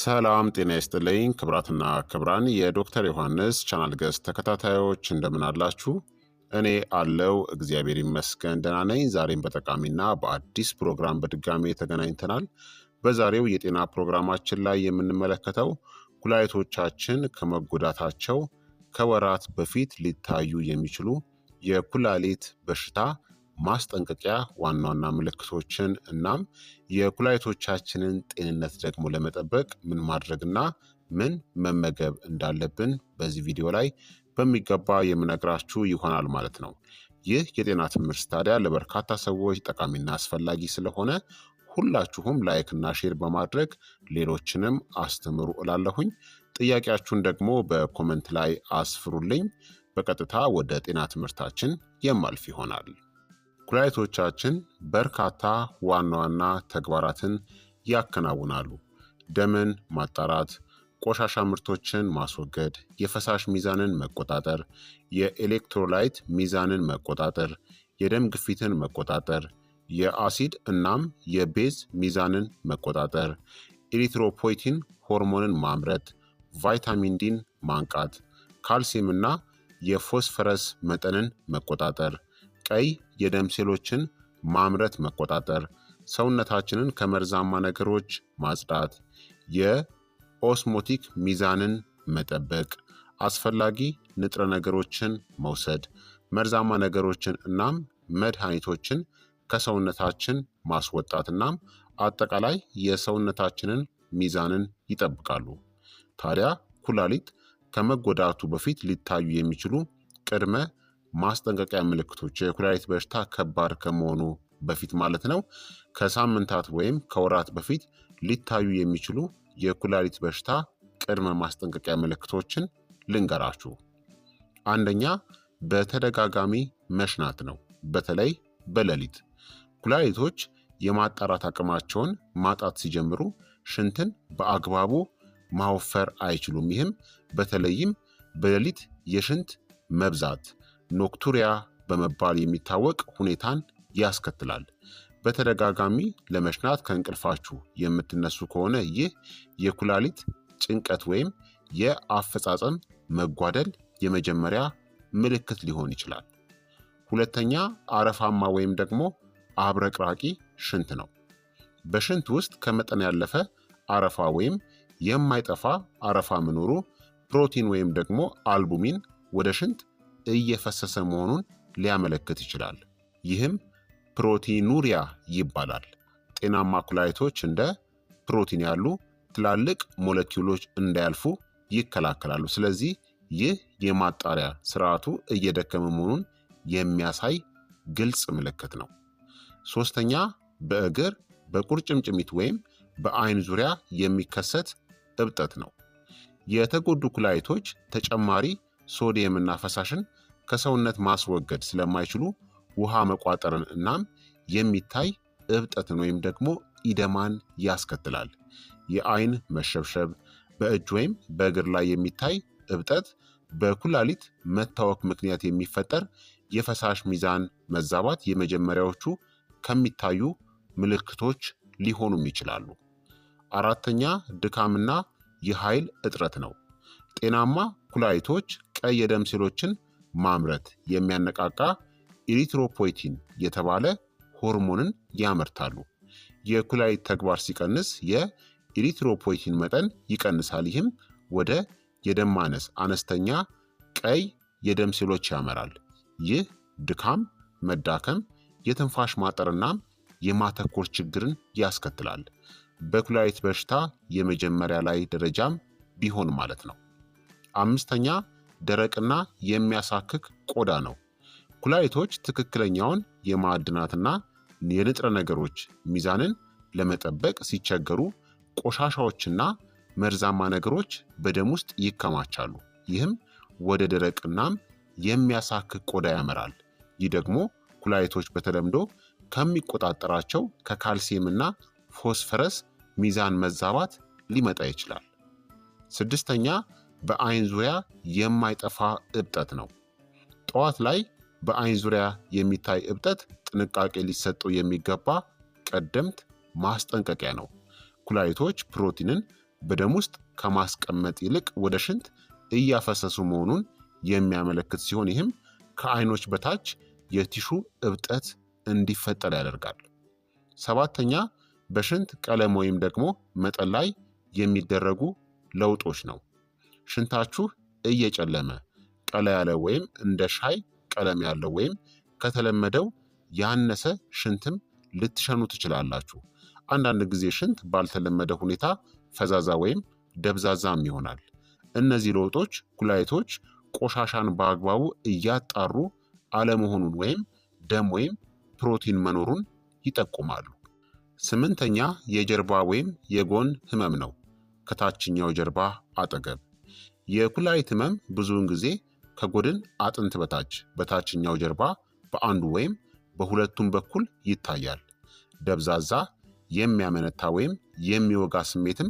ሰላም ጤና ይስጥልኝ ክብራትና ክብራን የዶክተር ዮሐንስ ቻናል ገጽ ተከታታዮች እንደምን አላችሁ? እኔ አለው እግዚአብሔር ይመስገን ደህና ነኝ። ዛሬም በጠቃሚና በአዲስ ፕሮግራም በድጋሜ ተገናኝተናል። በዛሬው የጤና ፕሮግራማችን ላይ የምንመለከተው ኩላሊቶቻችን ከመጎዳታቸው ከወራት በፊት ሊታዩ የሚችሉ የኩላሊት በሽታ ማስጠንቀቂያ ዋና ዋና ምልክቶችን እናም የኩላሊቶቻችንን ጤንነት ደግሞ ለመጠበቅ ምን ማድረግና ምን መመገብ እንዳለብን በዚህ ቪዲዮ ላይ በሚገባ የምነግራችሁ ይሆናል ማለት ነው። ይህ የጤና ትምህርት ታዲያ ለበርካታ ሰዎች ጠቃሚና አስፈላጊ ስለሆነ ሁላችሁም ላይክና ሼር በማድረግ ሌሎችንም አስተምሩ እላለሁኝ። ጥያቄያችሁን ደግሞ በኮመንት ላይ አስፍሩልኝ። በቀጥታ ወደ ጤና ትምህርታችን የማልፍ ይሆናል። ኩላሊቶቻችን በርካታ ዋና ዋና ተግባራትን ያከናውናሉ። ደምን ማጣራት፣ ቆሻሻ ምርቶችን ማስወገድ፣ የፈሳሽ ሚዛንን መቆጣጠር፣ የኤሌክትሮላይት ሚዛንን መቆጣጠር፣ የደም ግፊትን መቆጣጠር፣ የአሲድ እናም የቤዝ ሚዛንን መቆጣጠር፣ ኤሪትሮፖይቲን ሆርሞንን ማምረት፣ ቫይታሚን ዲን ማንቃት፣ ካልሲየምና የፎስፈረስ መጠንን መቆጣጠር ቀይ የደም ሴሎችን ማምረት መቆጣጠር፣ ሰውነታችንን ከመርዛማ ነገሮች ማጽዳት፣ የኦስሞቲክ ሚዛንን መጠበቅ፣ አስፈላጊ ንጥረ ነገሮችን መውሰድ፣ መርዛማ ነገሮችን እናም መድኃኒቶችን ከሰውነታችን ማስወጣት እናም አጠቃላይ የሰውነታችንን ሚዛንን ይጠብቃሉ። ታዲያ ኩላሊት ከመጎዳቱ በፊት ሊታዩ የሚችሉ ቅድመ ማስጠንቀቂያ ምልክቶች የኩላሊት በሽታ ከባድ ከመሆኑ በፊት ማለት ነው ከሳምንታት ወይም ከወራት በፊት ሊታዩ የሚችሉ የኩላሊት በሽታ ቅድመ ማስጠንቀቂያ ምልክቶችን ልንገራችሁ። አንደኛ በተደጋጋሚ መሽናት ነው። በተለይ በሌሊት ኩላሊቶች የማጣራት አቅማቸውን ማጣት ሲጀምሩ ሽንትን በአግባቡ ማወፈር አይችሉም። ይህም በተለይም በሌሊት የሽንት መብዛት ኖክቱሪያ በመባል የሚታወቅ ሁኔታን ያስከትላል። በተደጋጋሚ ለመሽናት ከእንቅልፋችሁ የምትነሱ ከሆነ ይህ የኩላሊት ጭንቀት ወይም የአፈጻጸም መጓደል የመጀመሪያ ምልክት ሊሆን ይችላል። ሁለተኛ አረፋማ ወይም ደግሞ አብረቅራቂ ሽንት ነው። በሽንት ውስጥ ከመጠን ያለፈ አረፋ ወይም የማይጠፋ አረፋ መኖሩ ፕሮቲን ወይም ደግሞ አልቡሚን ወደ ሽንት እየፈሰሰ መሆኑን ሊያመለክት ይችላል። ይህም ፕሮቲኑሪያ ይባላል። ጤናማ ኩላሊቶች እንደ ፕሮቲን ያሉ ትላልቅ ሞለኪውሎች እንዳያልፉ ይከላከላሉ። ስለዚህ ይህ የማጣሪያ ስርዓቱ እየደከመ መሆኑን የሚያሳይ ግልጽ ምልክት ነው። ሶስተኛ በእግር በቁርጭምጭሚት ወይም በአይን ዙሪያ የሚከሰት እብጠት ነው። የተጎዱ ኩላሊቶች ተጨማሪ ሶዲየምና ፈሳሽን ከሰውነት ማስወገድ ስለማይችሉ ውሃ መቋጠርን እናም የሚታይ እብጠትን ወይም ደግሞ ኢደማን ያስከትላል። የአይን መሸብሸብ፣ በእጅ ወይም በእግር ላይ የሚታይ እብጠት፣ በኩላሊት መታወክ ምክንያት የሚፈጠር የፈሳሽ ሚዛን መዛባት የመጀመሪያዎቹ ከሚታዩ ምልክቶች ሊሆኑም ይችላሉ። አራተኛ ድካምና የኃይል እጥረት ነው። ጤናማ ኩላሊቶች ቀይ የደም ሴሎችን ማምረት የሚያነቃቃ ኢሪትሮፖይቲን የተባለ ሆርሞንን ያመርታሉ። የኩላሊት ተግባር ሲቀንስ የኢሪትሮፖይቲን መጠን ይቀንሳል። ይህም ወደ የደም ማነስ፣ አነስተኛ ቀይ የደም ሴሎች ያመራል። ይህ ድካም፣ መዳከም፣ የትንፋሽ ማጠርና የማተኮር ችግርን ያስከትላል። በኩላሊት በሽታ የመጀመሪያ ላይ ደረጃም ቢሆን ማለት ነው። አምስተኛ ደረቅና የሚያሳክክ ቆዳ ነው። ኩላሊቶች ትክክለኛውን የማዕድናትና የንጥረ ነገሮች ሚዛንን ለመጠበቅ ሲቸገሩ ቆሻሻዎችና መርዛማ ነገሮች በደም ውስጥ ይከማቻሉ። ይህም ወደ ደረቅናም የሚያሳክክ ቆዳ ያመራል። ይህ ደግሞ ኩላሊቶች በተለምዶ ከሚቆጣጠራቸው ከካልሲየምና ፎስፈረስ ሚዛን መዛባት ሊመጣ ይችላል። ስድስተኛ በአይን ዙሪያ የማይጠፋ እብጠት ነው። ጠዋት ላይ በአይን ዙሪያ የሚታይ እብጠት ጥንቃቄ ሊሰጠው የሚገባ ቀደምት ማስጠንቀቂያ ነው። ኩላሊቶች ፕሮቲንን በደም ውስጥ ከማስቀመጥ ይልቅ ወደ ሽንት እያፈሰሱ መሆኑን የሚያመለክት ሲሆን ይህም ከአይኖች በታች የቲሹ እብጠት እንዲፈጠር ያደርጋል። ሰባተኛ በሽንት ቀለም ወይም ደግሞ መጠን ላይ የሚደረጉ ለውጦች ነው። ሽንታችሁ እየጨለመ ቀላ ያለ ወይም እንደ ሻይ ቀለም ያለው ወይም ከተለመደው ያነሰ ሽንትም ልትሸኑ ትችላላችሁ። አንዳንድ ጊዜ ሽንት ባልተለመደ ሁኔታ ፈዛዛ ወይም ደብዛዛም ይሆናል። እነዚህ ለውጦች ጉላይቶች ቆሻሻን በአግባቡ እያጣሩ አለመሆኑን ወይም ደም ወይም ፕሮቲን መኖሩን ይጠቁማሉ። ስምንተኛ የጀርባ ወይም የጎን ህመም ነው። ከታችኛው ጀርባ አጠገብ የኩላሊት ህመም ብዙውን ጊዜ ከጎድን አጥንት በታች በታችኛው ጀርባ በአንዱ ወይም በሁለቱም በኩል ይታያል። ደብዛዛ የሚያመነታ ወይም የሚወጋ ስሜትም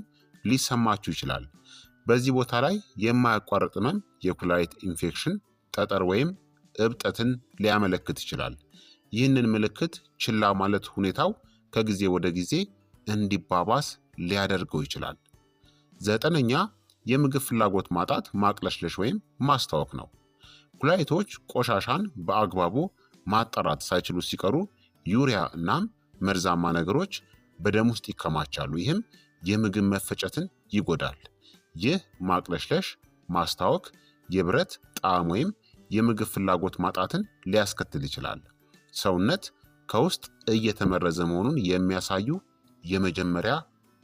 ሊሰማችሁ ይችላል። በዚህ ቦታ ላይ የማያቋርጥ ህመም የኩላሊት ኢንፌክሽን፣ ጠጠር ወይም እብጠትን ሊያመለክት ይችላል። ይህንን ምልክት ችላ ማለት ሁኔታው ከጊዜ ወደ ጊዜ እንዲባባስ ሊያደርገው ይችላል። ዘጠነኛ የምግብ ፍላጎት ማጣት ማቅለሽለሽ ወይም ማስታወክ ነው። ኩላሊቶች ቆሻሻን በአግባቡ ማጣራት ሳይችሉ ሲቀሩ ዩሪያ እናም መርዛማ ነገሮች በደም ውስጥ ይከማቻሉ። ይህም የምግብ መፈጨትን ይጎዳል። ይህ ማቅለሽለሽ፣ ማስታወክ፣ የብረት ጣዕም ወይም የምግብ ፍላጎት ማጣትን ሊያስከትል ይችላል። ሰውነት ከውስጥ እየተመረዘ መሆኑን የሚያሳዩ የመጀመሪያ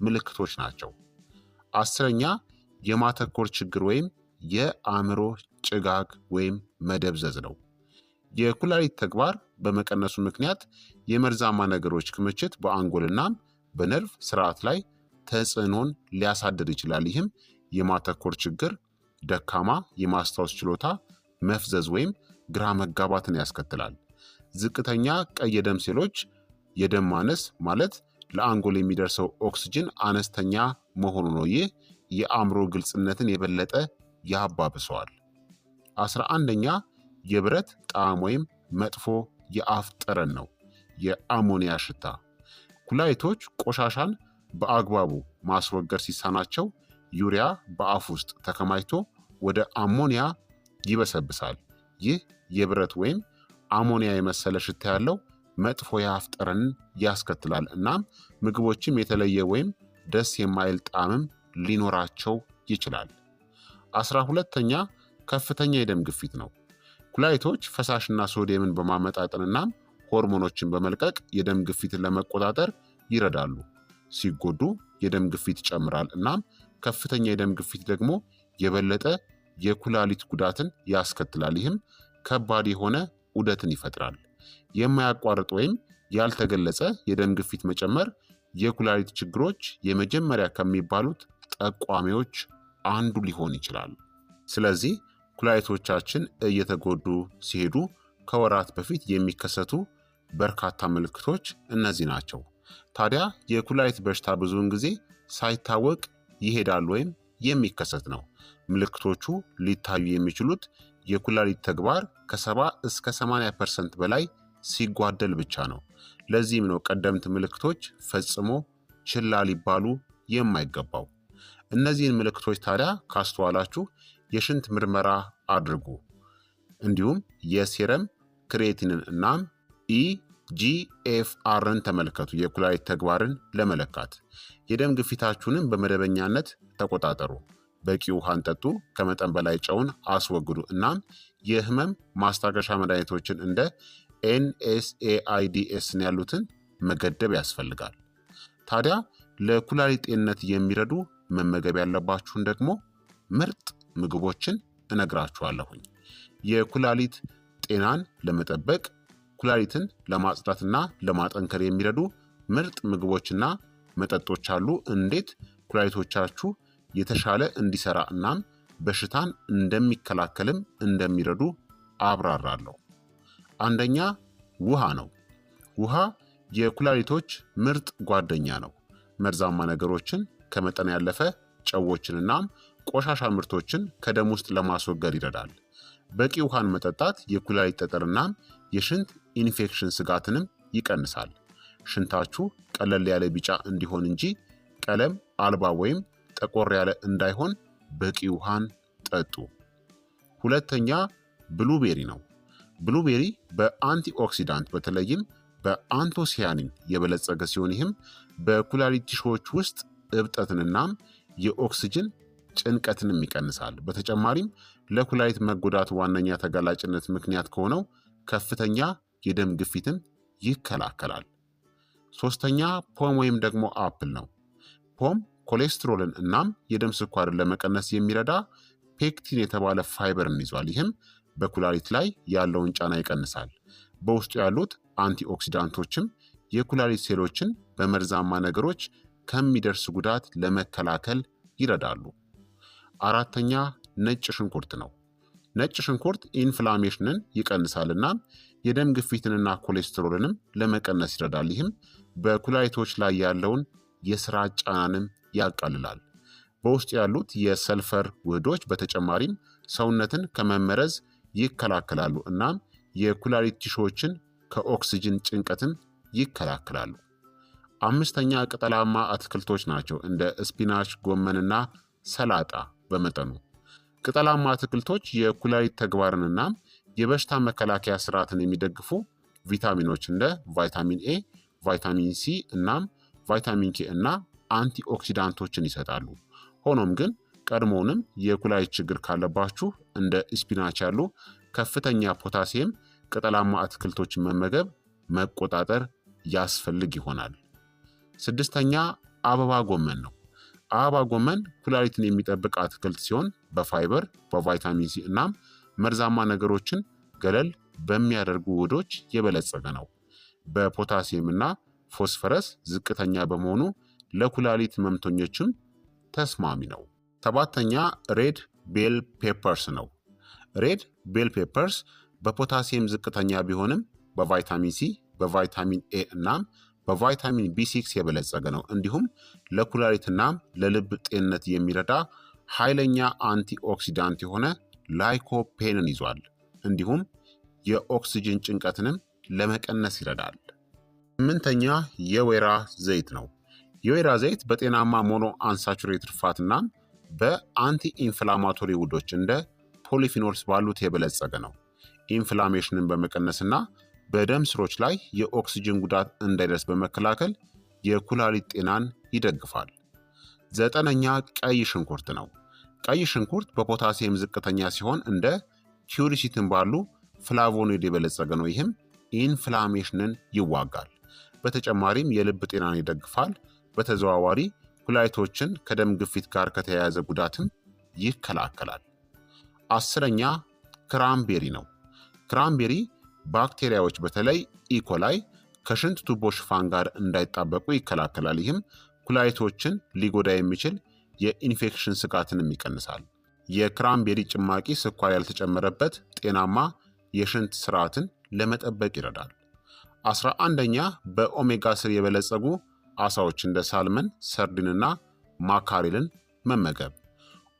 ምልክቶች ናቸው። አስረኛ የማተኮር ችግር ወይም የአእምሮ ጭጋግ ወይም መደብዘዝ ነው። የኩላሊት ተግባር በመቀነሱ ምክንያት የመርዛማ ነገሮች ክምችት በአንጎልናም በነርቭ ስርዓት ላይ ተጽዕኖን ሊያሳድር ይችላል። ይህም የማተኮር ችግር፣ ደካማ የማስታወስ ችሎታ፣ መፍዘዝ ወይም ግራ መጋባትን ያስከትላል። ዝቅተኛ ቀይ የደም ሴሎች፣ የደም ማነስ ማለት ለአንጎል የሚደርሰው ኦክስጅን አነስተኛ መሆኑ ነው። ይህ የአእምሮ ግልጽነትን የበለጠ ያባብሰዋል። አስራ አንደኛ የብረት ጣዕም ወይም መጥፎ የአፍ ጠረን ነው፣ የአሞኒያ ሽታ። ኩላሊቶች ቆሻሻን በአግባቡ ማስወገድ ሲሳናቸው ዩሪያ በአፍ ውስጥ ተከማችቶ ወደ አሞኒያ ይበሰብሳል። ይህ የብረት ወይም አሞኒያ የመሰለ ሽታ ያለው መጥፎ የአፍ ጠረንን ያስከትላል። እናም ምግቦችም የተለየ ወይም ደስ የማይል ጣዕምም ሊኖራቸው ይችላል። አስራ ሁለተኛ ከፍተኛ የደም ግፊት ነው። ኩላሊቶች ፈሳሽና ሶዲየምን በማመጣጠንና ሆርሞኖችን በመልቀቅ የደም ግፊትን ለመቆጣጠር ይረዳሉ። ሲጎዱ የደም ግፊት ይጨምራል። እናም ከፍተኛ የደም ግፊት ደግሞ የበለጠ የኩላሊት ጉዳትን ያስከትላል። ይህም ከባድ የሆነ ዑደትን ይፈጥራል። የማያቋርጥ ወይም ያልተገለጸ የደም ግፊት መጨመር የኩላሊት ችግሮች የመጀመሪያ ከሚባሉት ጠቋሚዎች አንዱ ሊሆን ይችላል። ስለዚህ ኩላሊቶቻችን እየተጎዱ ሲሄዱ ከወራት በፊት የሚከሰቱ በርካታ ምልክቶች እነዚህ ናቸው። ታዲያ የኩላሊት በሽታ ብዙውን ጊዜ ሳይታወቅ ይሄዳል ወይም የሚከሰት ነው። ምልክቶቹ ሊታዩ የሚችሉት የኩላሊት ተግባር ከ 7 እስከ 80 ፐርሰንት በላይ ሲጓደል ብቻ ነው። ለዚህም ነው ቀደምት ምልክቶች ፈጽሞ ችላ ሊባሉ የማይገባው። እነዚህን ምልክቶች ታዲያ ካስተዋላችሁ የሽንት ምርመራ አድርጉ። እንዲሁም የሴረም ክሬቲንን እናም ኢጂኤፍአርን e ተመልከቱ፣ የኩላሊት ተግባርን ለመለካት። የደም ግፊታችሁንም በመደበኛነት ተቆጣጠሩ። በቂ ውሃን ጠጡ፣ ከመጠን በላይ ጨውን አስወግዱ። እናም የህመም ማስታገሻ መድኃኒቶችን እንደ ኤንኤስኤአይዲኤስን ያሉትን መገደብ ያስፈልጋል። ታዲያ ለኩላሊት ጤንነት የሚረዱ መመገብ ያለባችሁን ደግሞ ምርጥ ምግቦችን እነግራችኋለሁኝ። የኩላሊት ጤናን ለመጠበቅ ኩላሊትን ለማጽዳትና ለማጠንከር የሚረዱ ምርጥ ምግቦችና መጠጦች አሉ። እንዴት ኩላሊቶቻችሁ የተሻለ እንዲሰራ እናም በሽታን እንደሚከላከልም እንደሚረዱ አብራራለሁ። አንደኛ ውሃ ነው። ውሃ የኩላሊቶች ምርጥ ጓደኛ ነው። መርዛማ ነገሮችን ከመጠን ያለፈ ጨዎችንና ቆሻሻ ምርቶችን ከደም ውስጥ ለማስወገድ ይረዳል። በቂ ውሃን መጠጣት የኩላሊት ጠጠር የሽንት ኢንፌክሽን ስጋትንም ይቀንሳል። ሽንታችሁ ቀለል ያለ ቢጫ እንዲሆን እንጂ ቀለም አልባ ወይም ጠቆር ያለ እንዳይሆን በቂ ውሃን ጠጡ። ሁለተኛ ብሉቤሪ ነው። ብሉቤሪ በአንቲኦክሲዳንት በተለይም በአንቶሲያኒን የበለጸገ ሲሆን ይህም በኩላሊት ቲሾዎች ውስጥ እብጠትንና የኦክስጅን ጭንቀትንም ይቀንሳል። በተጨማሪም ለኩላሊት መጎዳት ዋነኛ ተጋላጭነት ምክንያት ከሆነው ከፍተኛ የደም ግፊትን ይከላከላል። ሶስተኛ ፖም ወይም ደግሞ አፕል ነው። ፖም ኮሌስትሮልን እናም የደም ስኳርን ለመቀነስ የሚረዳ ፔክቲን የተባለ ፋይበርን ይዟል። ይህም በኩላሊት ላይ ያለውን ጫና ይቀንሳል። በውስጡ ያሉት አንቲኦክሲዳንቶችም የኩላሊት ሴሎችን በመርዛማ ነገሮች ከሚደርስ ጉዳት ለመከላከል ይረዳሉ። አራተኛ ነጭ ሽንኩርት ነው። ነጭ ሽንኩርት ኢንፍላሜሽንን ይቀንሳል የደም ግፊትንና ኮሌስትሮልንም ለመቀነስ ይረዳል። ይህም በኩላሊቶች ላይ ያለውን የስራ ጫናንም ያቃልላል። በውስጡ ያሉት የሰልፈር ውህዶች በተጨማሪም ሰውነትን ከመመረዝ ይከላከላሉ እናም የኩላሊት ቲሾዎችን ከኦክስጅን ጭንቀትም ይከላከላሉ። አምስተኛ ቅጠላማ አትክልቶች ናቸው እንደ ስፒናች፣ ጎመንና ሰላጣ በመጠኑ። ቅጠላማ አትክልቶች የኩላሊት ተግባርንና የበሽታ መከላከያ ስርዓትን የሚደግፉ ቪታሚኖች እንደ ቫይታሚን ኤ፣ ቫይታሚን ሲ እናም ቫይታሚን ኬ እና አንቲኦክሲዳንቶችን ይሰጣሉ። ሆኖም ግን ቀድሞውንም የኩላሊት ችግር ካለባችሁ እንደ ስፒናች ያሉ ከፍተኛ ፖታሲየም ቅጠላማ አትክልቶችን መመገብ መቆጣጠር ያስፈልግ ይሆናል። ስድስተኛ አበባ ጎመን ነው። አበባ ጎመን ኩላሊትን የሚጠብቅ አትክልት ሲሆን በፋይበር በቫይታሚን ሲ እናም መርዛማ ነገሮችን ገለል በሚያደርጉ ውህዶች የበለጸገ ነው። በፖታሲየም እና ፎስፈረስ ዝቅተኛ በመሆኑ ለኩላሊት ህመምተኞችም ተስማሚ ነው። ሰባተኛ ሬድ ቤል ፔፐርስ ነው። ሬድ ቤል ፔፐርስ በፖታሲየም ዝቅተኛ ቢሆንም በቫይታሚን ሲ፣ በቫይታሚን ኤ እናም በቫይታሚን ቢ6 የበለጸገ ነው። እንዲሁም ለኩላሊትና ለልብ ጤንነት የሚረዳ ኃይለኛ አንቲኦክሲዳንት የሆነ ላይኮፔንን ይዟል። እንዲሁም የኦክስጅን ጭንቀትንም ለመቀነስ ይረዳል። ስምንተኛ የወይራ ዘይት ነው። የወይራ ዘይት በጤናማ ሞኖ አንሳቹሬትድ ፋትና በአንቲኢንፍላማቶሪ ውዶች እንደ ፖሊፊኖልስ ባሉት የበለጸገ ነው። ኢንፍላሜሽንን በመቀነስና በደም ስሮች ላይ የኦክስጅን ጉዳት እንዳይደርስ በመከላከል የኩላሊት ጤናን ይደግፋል። ዘጠነኛ ቀይ ሽንኩርት ነው። ቀይ ሽንኩርት በፖታሲየም ዝቅተኛ ሲሆን እንደ ኪውሪሲትን ባሉ ፍላቮኖይድ የበለጸገ ነው። ይህም ኢንፍላሜሽንን ይዋጋል። በተጨማሪም የልብ ጤናን ይደግፋል። በተዘዋዋሪ ኩላሊቶችን ከደም ግፊት ጋር ከተያያዘ ጉዳትም ይከላከላል። አስረኛ ክራምቤሪ ነው። ክራምቤሪ ባክቴሪያዎች በተለይ ኢኮላይ e. ከሽንት ቱቦ ሽፋን ጋር እንዳይጣበቁ ይከላከላል። ይህም ኩላሊቶችን ሊጎዳ የሚችል የኢንፌክሽን ስጋትንም ይቀንሳል። የክራምቤሪ ጭማቂ ስኳር ያልተጨመረበት ጤናማ የሽንት ስርዓትን ለመጠበቅ ይረዳል። አስራ አንደኛ በኦሜጋ ስር የበለጸጉ አሳዎች እንደ ሳልመን፣ ሰርዲንና ማካሪልን መመገብ።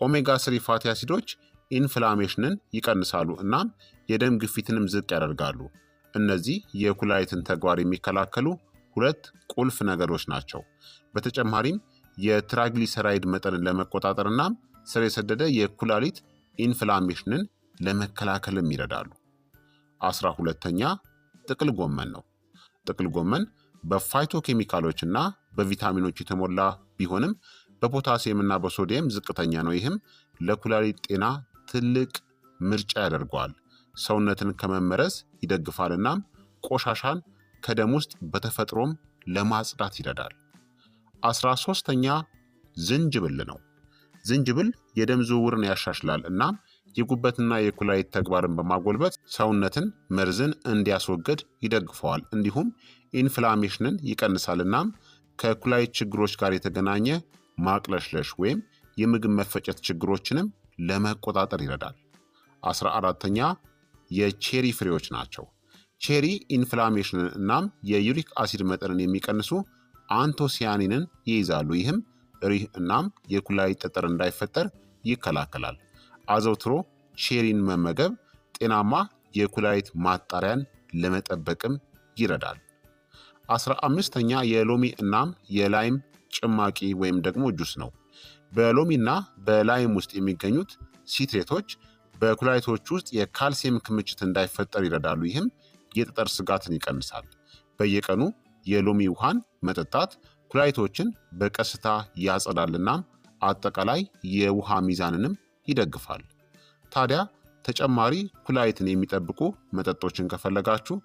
ኦሜጋ ስሪ ፋቲ አሲዶች ኢንፍላሜሽንን ይቀንሳሉ እናም የደም ግፊትንም ዝቅ ያደርጋሉ። እነዚህ የኩላሊትን ተግባር የሚከላከሉ ሁለት ቁልፍ ነገሮች ናቸው። በተጨማሪም የትራግሊሰራይድ መጠንን ለመቆጣጠር እናም ስር የሰደደ የኩላሊት ኢንፍላሜሽንን ለመከላከልም ይረዳሉ። አስራ ሁለተኛ ጥቅል ጎመን ነው። ጥቅል ጎመን በፋይቶ ኬሚካሎች እና በቪታሚኖች የተሞላ ቢሆንም በፖታሲየም እና በሶዲየም ዝቅተኛ ነው። ይህም ለኩላሊት ጤና ትልቅ ምርጫ ያደርገዋል። ሰውነትን ከመመረዝ ይደግፋል፣ እናም ቆሻሻን ከደም ውስጥ በተፈጥሮም ለማጽዳት ይረዳል። አስራ ሶስተኛ ዝንጅብል ነው። ዝንጅብል የደም ዝውውርን ያሻሽላል እናም የጉበትና የኩላሊት ተግባርን በማጎልበት ሰውነትን መርዝን እንዲያስወገድ ይደግፈዋል። እንዲሁም ኢንፍላሜሽንን ይቀንሳል እናም ከኩላሊት ችግሮች ጋር የተገናኘ ማቅለሽለሽ ወይም የምግብ መፈጨት ችግሮችንም ለመቆጣጠር ይረዳል። አስራ አራተኛ የቼሪ ፍሬዎች ናቸው። ቼሪ ኢንፍላሜሽንን እናም የዩሪክ አሲድ መጠንን የሚቀንሱ አንቶሲያኒንን ይይዛሉ። ይህም ሪህ እናም የኩላሊት ጠጠር እንዳይፈጠር ይከላከላል። አዘውትሮ ቼሪን መመገብ ጤናማ የኩላሊት ማጣሪያን ለመጠበቅም ይረዳል። አስራ አምስተኛ የሎሚ እናም የላይም ጭማቂ ወይም ደግሞ ጁስ ነው። በሎሚና በላይም ውስጥ የሚገኙት ሲትሬቶች በኩላሊቶች ውስጥ የካልሲየም ክምችት እንዳይፈጠር ይረዳሉ። ይህም የጠጠር ስጋትን ይቀንሳል። በየቀኑ የሎሚ ውሃን መጠጣት ኩላሊቶችን በቀስታ ያጸዳልና አጠቃላይ የውሃ ሚዛንንም ይደግፋል። ታዲያ ተጨማሪ ኩላሊትን የሚጠብቁ መጠጦችን ከፈለጋችሁ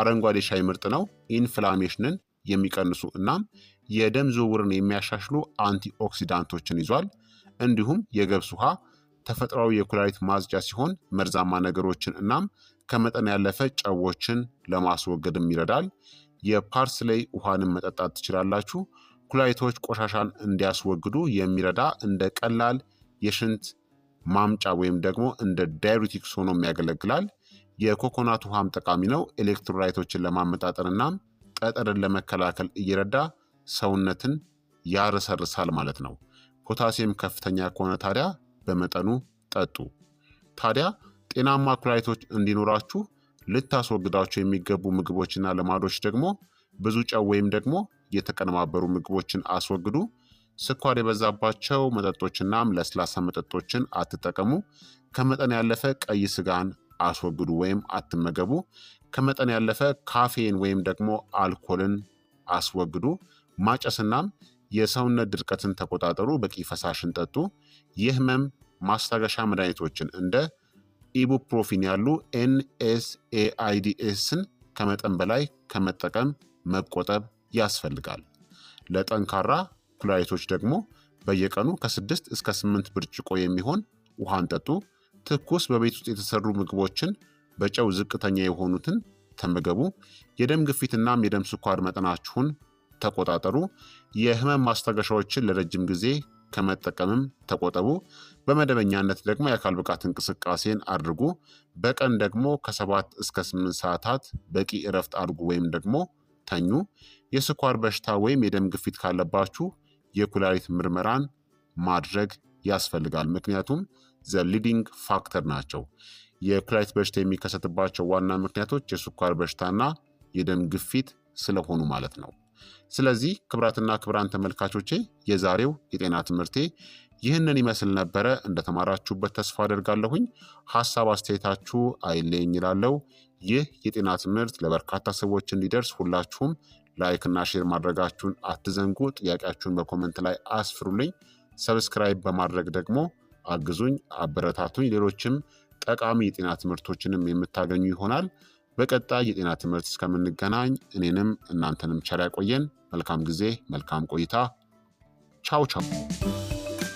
አረንጓዴ ሻይ ምርጥ ነው። ኢንፍላሜሽንን የሚቀንሱ እናም የደም ዝውውርን የሚያሻሽሉ አንቲ ኦክሲዳንቶችን ይዟል። እንዲሁም የገብስ ውሃ ተፈጥሯዊ የኩላሊት ማጽጃ ሲሆን መርዛማ ነገሮችን እናም ከመጠን ያለፈ ጨዎችን ለማስወገድም ይረዳል። የፓርስሌይ ውሃንም መጠጣት ትችላላችሁ። ኩላሊቶች ቆሻሻን እንዲያስወግዱ የሚረዳ እንደ ቀላል የሽንት ማምጫ ወይም ደግሞ እንደ ዳይሪቲክስ ሆኖም ያገለግላል። የኮኮናት ውሃም ጠቃሚ ነው ኤሌክትሮላይቶችን ለማመጣጠር እናም ጠጠርን ለመከላከል እየረዳ ሰውነትን ያረሰርሳል ማለት ነው። ፖታሲየም ከፍተኛ ከሆነ ታዲያ በመጠኑ ጠጡ። ታዲያ ጤናማ ኩላሊቶች እንዲኖራችሁ ልታስወግዳቸው የሚገቡ ምግቦችና ልማዶች ደግሞ ብዙ ጨው ወይም ደግሞ የተቀነባበሩ ምግቦችን አስወግዱ። ስኳር የበዛባቸው መጠጦችናም ለስላሳ መጠጦችን አትጠቀሙ። ከመጠን ያለፈ ቀይ ስጋን አስወግዱ ወይም አትመገቡ። ከመጠን ያለፈ ካፌን ወይም ደግሞ አልኮልን አስወግዱ። ማጨስናም የሰውነት ድርቀትን ተቆጣጠሩ። በቂ ፈሳሽን ጠጡ። የህመም ማስታገሻ መድኃኒቶችን እንደ ኢቡፕሮፊን ያሉ ኤንኤስኤአይዲኤስን ከመጠን በላይ ከመጠቀም መቆጠብ ያስፈልጋል። ለጠንካራ ኩላሊቶች ደግሞ በየቀኑ ከስድስት እስከ ስምንት ብርጭቆ የሚሆን ውሃን ጠጡ። ትኩስ በቤት ውስጥ የተሰሩ ምግቦችን በጨው ዝቅተኛ የሆኑትን ተመገቡ። የደም ግፊትናም የደም ስኳር መጠናችሁን ተቆጣጠሩ። የህመም ማስታገሻዎችን ለረጅም ጊዜ ከመጠቀምም ተቆጠቡ። በመደበኛነት ደግሞ የአካል ብቃት እንቅስቃሴን አድርጉ። በቀን ደግሞ ከሰባት እስከ ስምንት ሰዓታት በቂ እረፍት አድርጉ ወይም ደግሞ ተኙ። የስኳር በሽታ ወይም የደም ግፊት ካለባችሁ የኩላሊት ምርመራን ማድረግ ያስፈልጋል። ምክንያቱም ዘ ሊዲንግ ፋክተር ናቸው። የኩላሊት በሽታ የሚከሰትባቸው ዋና ምክንያቶች የስኳር በሽታና የደም ግፊት ስለሆኑ ማለት ነው። ስለዚህ ክብራትና ክብራን ተመልካቾቼ የዛሬው የጤና ትምህርቴ ይህንን ይመስል ነበረ። እንደተማራችሁበት ተስፋ አደርጋለሁኝ። ሀሳብ አስተያየታችሁ አይለኝ ይላለው። ይህ የጤና ትምህርት ለበርካታ ሰዎች እንዲደርስ ሁላችሁም ላይክ ሼር ማድረጋችሁን አትዘንጉ። ጥያቄያችሁን በኮመንት ላይ አስፍሩልኝ። ሰብስክራይብ በማድረግ ደግሞ አግዙኝ፣ አበረታቱኝ። ሌሎችም ጠቃሚ የጤና ትምህርቶችንም የምታገኙ ይሆናል። በቀጣይ የጤና ትምህርት እስከምንገናኝ እኔንም እናንተንም ቸር ያቆየን። መልካም ጊዜ፣ መልካም ቆይታ። ቻው ቻው።